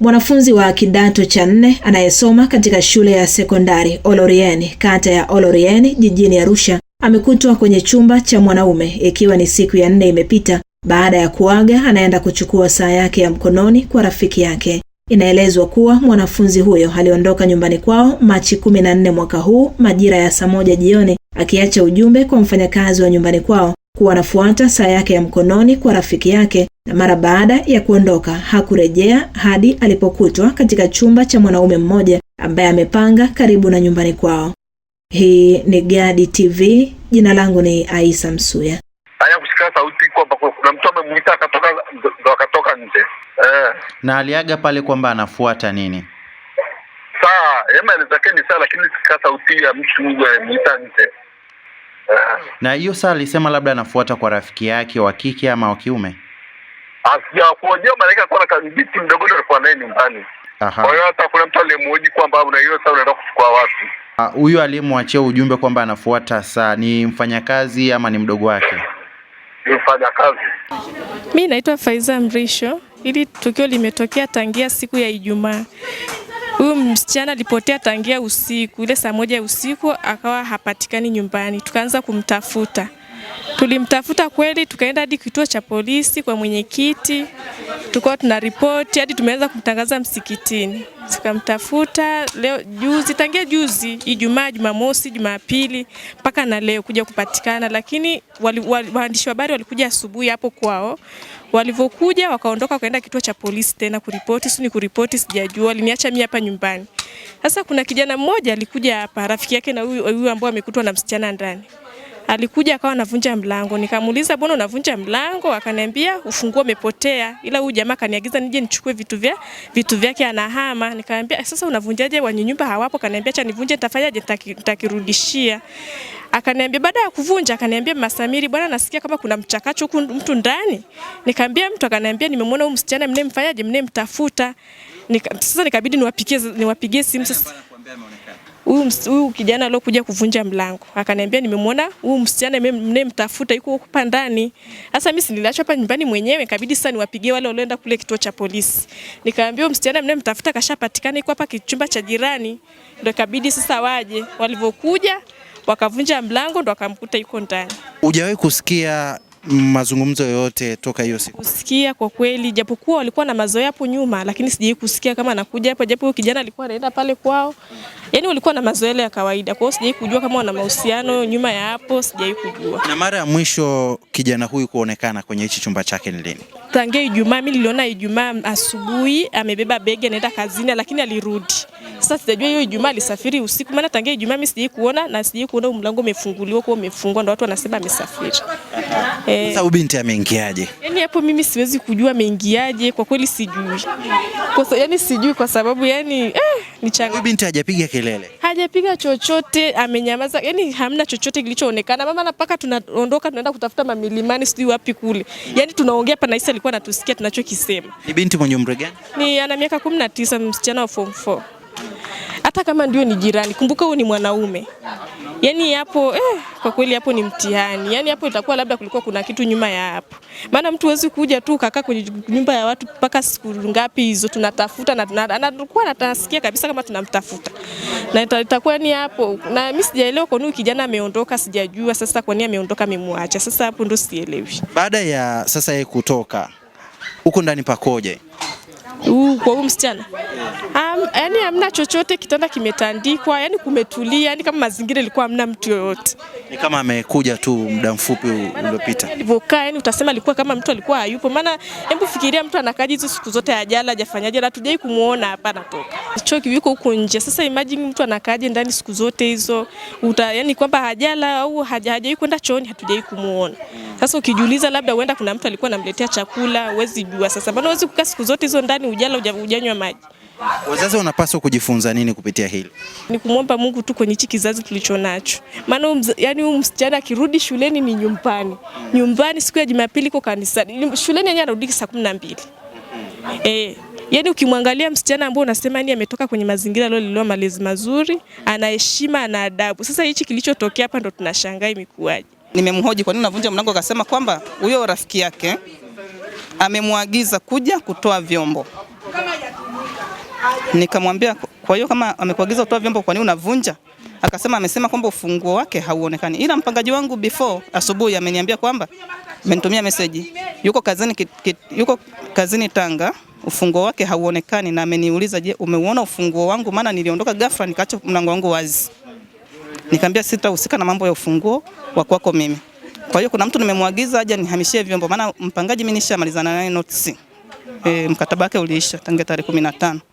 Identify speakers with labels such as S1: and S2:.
S1: Mwanafunzi wa kidato cha nne anayesoma katika shule ya sekondari Olorieni kata ya Olorieni jijini Arusha amekutwa kwenye chumba cha mwanaume ikiwa ni siku ya nne imepita baada ya kuaga, anaenda kuchukua saa yake ya mkononi kwa rafiki yake. Inaelezwa kuwa mwanafunzi huyo aliondoka nyumbani kwao Machi 14 mwaka huu majira ya saa moja jioni akiacha ujumbe kwa mfanyakazi wa nyumbani kwao kuwa anafuata saa yake ya mkononi kwa rafiki yake na mara baada ya kuondoka hakurejea hadi alipokutwa katika chumba cha mwanaume mmoja ambaye amepanga karibu na nyumbani kwao. Hii ni Gadi TV, jina langu ni Aisa Msuya.
S2: Haya, kusikia sauti kwamba kuna mtu amemuita akatoka, ndo akatoka nje
S3: eh. Na aliaga pale kwamba anafuata nini
S2: saa yamaelezake ni saa, lakini sikia sauti ya mtu amemuita nje
S3: eh. Na hiyo saa alisema labda anafuata kwa rafiki yake wa kike ama wa kiume
S2: hajakuojea maanake alikuwa na mbichi mdogo alikuwa naye nyumbani. Kwa hiyo hata kuna mtu aliyemhoji kwamba unaiyo saa unaenda kuchukua wapi?
S3: Ah, huyu uh, aliyemwachia ujumbe kwamba anafuata saa ni mfanyakazi ama ni mdogo wake?
S2: Ni mfanyakazi.
S4: Mi naitwa Faiza Mrisho. Hili tukio limetokea tangia siku ya Ijumaa. Huyu msichana alipotea tangia usiku ile saa moja ya usiku, akawa hapatikani nyumbani, tukaanza kumtafuta Tulimtafuta kweli, tukaenda hadi kituo cha polisi kwa mwenyekiti, tulikuwa tuna ripoti hadi tumeweza kumtangaza msikitini. Tukamtafuta leo juzi, tangia juzi, Ijumaa, Jumamosi, Jumapili mpaka na leo kuja kupatikana, lakini waandishi wa habari walikuja asubuhi hapo kwao, walivyokuja wakaondoka wakaenda kituo cha polisi tena kuripoti, si ni kuripoti, sijajua waliniacha mimi hapa nyumbani. Sasa kuna kijana mmoja alikuja hapa, rafiki yake na huyu ambao amekutwa na msichana ndani Alikuja akawa anavunja mlango, nikamuuliza bwana, unavunja mlango? Akaniambia ufunguo umepotea, ila huyu jamaa kaniagiza nije nichukue vitu vya vitu vyake, anahama. Nikamwambia eh, sasa unavunjaje, wenye nyumba hawapo? Kaniambia acha nivunje, nitafanyaje? Nitakirudishia. Akaniambia baada ya kuvunja, akaniambia Masamiri, bwana nasikia kama kuna mchakacho huku mtu ndani. Nikamwambia mtu, akaniambia nimemwona huyu msichana mnemfanyaje, mnemtafuta. Nika, sasa nikabidi niwapigie niwapigie simu sasa huyu kijana aliyokuja kuvunja mlango akaniambia, nimemwona huyu msichana mnemtafuta yuko huko ndani. Sasa mimi sinilacho hapa nyumbani mwenyewe, ikabidi sasa niwapigie wale walioenda kule kituo cha polisi, nikaambia huyu msichana mnemtafuta kashapatikana, yuko hapa kichumba cha jirani. Ndio ikabidi sasa waje, walivyokuja wakavunja mlango ndo akamkuta yuko ndani.
S3: Hujawahi kusikia mazungumzo yoyote toka hiyo siku?
S4: Kusikia kwa kweli, japokuwa walikuwa na mazoea hapo nyuma, lakini sijai kusikia kama anakuja hapa, japo kijana alikuwa anaenda pale kwao, yani walikuwa na mazoea ya kawaida. Kwa hiyo sijai kujua kama wana mahusiano nyuma ya hapo, sijai kujua.
S3: Na mara ya mwisho kijana huyu kuonekana kwenye hichi chumba chake ni lini?
S4: Tangia Ijumaa, mimi niliona Ijumaa asubuhi amebeba begi anaenda kazini, lakini alirudi sasa sijajua hiyo Ijumaa alisafiri usiku, maana tangia Ijumaa mimi sijai kuona na sijai kuona mlango umefunguliwa kwa umefungwa, ndio watu wanasema amesafiri.
S3: Eh. Sasa ubinti ameingiaje?
S4: Yaani hapo mimi siwezi kujua ameingiaje, kwa kweli sijui. Kwa yani sijui kwa sababu yani eh, ni changa.
S3: Binti hajapiga kelele.
S4: Hajapiga chochote, amenyamaza. Yaani hamna chochote kilichoonekana. Mama na paka tunaondoka tunaenda kutafuta mamilimani sijui wapi kule. Yaani tunaongea hapa na Isa alikuwa anatusikia tunachokisema.
S3: Ni binti mwenye umri gani?
S4: Ni ana miaka 19, msichana wa form 4. Hata kama ndio ni jirani, kumbuka huyu ni mwanaume yani hapo eh, kwa kweli hapo ni mtihani. Yani hapo itakuwa labda kulikuwa kuna kitu nyuma ya hapo, maana mtu hawezi kuja tu kaka kwenye nyumba ya watu mpaka siku ngapi hizo, tunatafuta na anakuwa anatasikia kabisa kama tunamtafuta, na itakuwa ni hapo. Na mimi sijaelewa kwa nini kijana ameondoka, sijajua sasa kwa nini ameondoka, amemwacha sasa, hapo ndo sielewi.
S3: Baada ya sasa yeye kutoka huko ndani pakoje?
S4: kwa huyu msichana um, yani hamna chochote, kitanda kimetandikwa, yani kumetulia, yani kama mazingira ilikuwa hamna mtu yoyote,
S3: ni kama amekuja tu muda mfupi uliopita.
S4: Alipokaa yani utasema alikuwa kama mtu alikuwa hayupo, maana hebu fikiria mtu anakaji hizo siku zote ajala ajafanyaje, hatujai kumuona hapa anatoka choo kiko huko nje. Sasa imagine mtu anakaje ndani siku zote hizo uta, yani kwamba hajala au hajai kwenda chooni, hatujai kumuona. Sasa ukijiuliza, labda huenda kuna mtu alikuwa anamletea chakula, huwezi jua. Sasa mbona huwezi kukaa siku zote hizo ndani ujala ujanywa maji.
S3: Wazazi wanapaswa kujifunza nini kupitia hili?
S4: Ni kumwomba Mungu tu kwenye hichi kizazi nacho, maana yani huyu msichana akirudi shuleni ni nyumbani, nyumbani siku ya Jumapili ko kanisani, shuleni yenyewe anarudi saa kumi na mbili. Mm-hmm. Eh, yani ukimwangalia msichana ambaye unasema ni yaani ametoka kwenye mazingira aliyolelewa malezi mazuri, ana heshima, ana adabu. Sasa hichi kilichotokea hapa ndo tunashangaa imekuwaje.
S5: Nimemhoji kwa nini unavunja mlango, akasema kwamba huyo rafiki yake amemwagiza kuja kutoa vyombo. Nikamwambia, kwa hiyo kama amekuagiza kutoa vyombo, kwa nini unavunja? Akasema amesema kwamba ufunguo wake hauonekani, ila mpangaji wangu before asubuhi ameniambia kwamba amenitumia meseji, yuko kazini, kit, kit, yuko kazini Tanga, ufunguo wake hauonekani, na ameniuliza je, umeuona ufunguo wangu? Maana niliondoka ghafla nikaacha mlango wangu wazi. Nikamwambia sitahusika na mambo ya ufunguo wa kwako mimi. Kwa hiyo kuna mtu nimemwagiza aje nihamishie vyombo, maana mpangaji mimi nishamalizana naye notice. E, eh, mkataba wake uliisha tangia tarehe 15.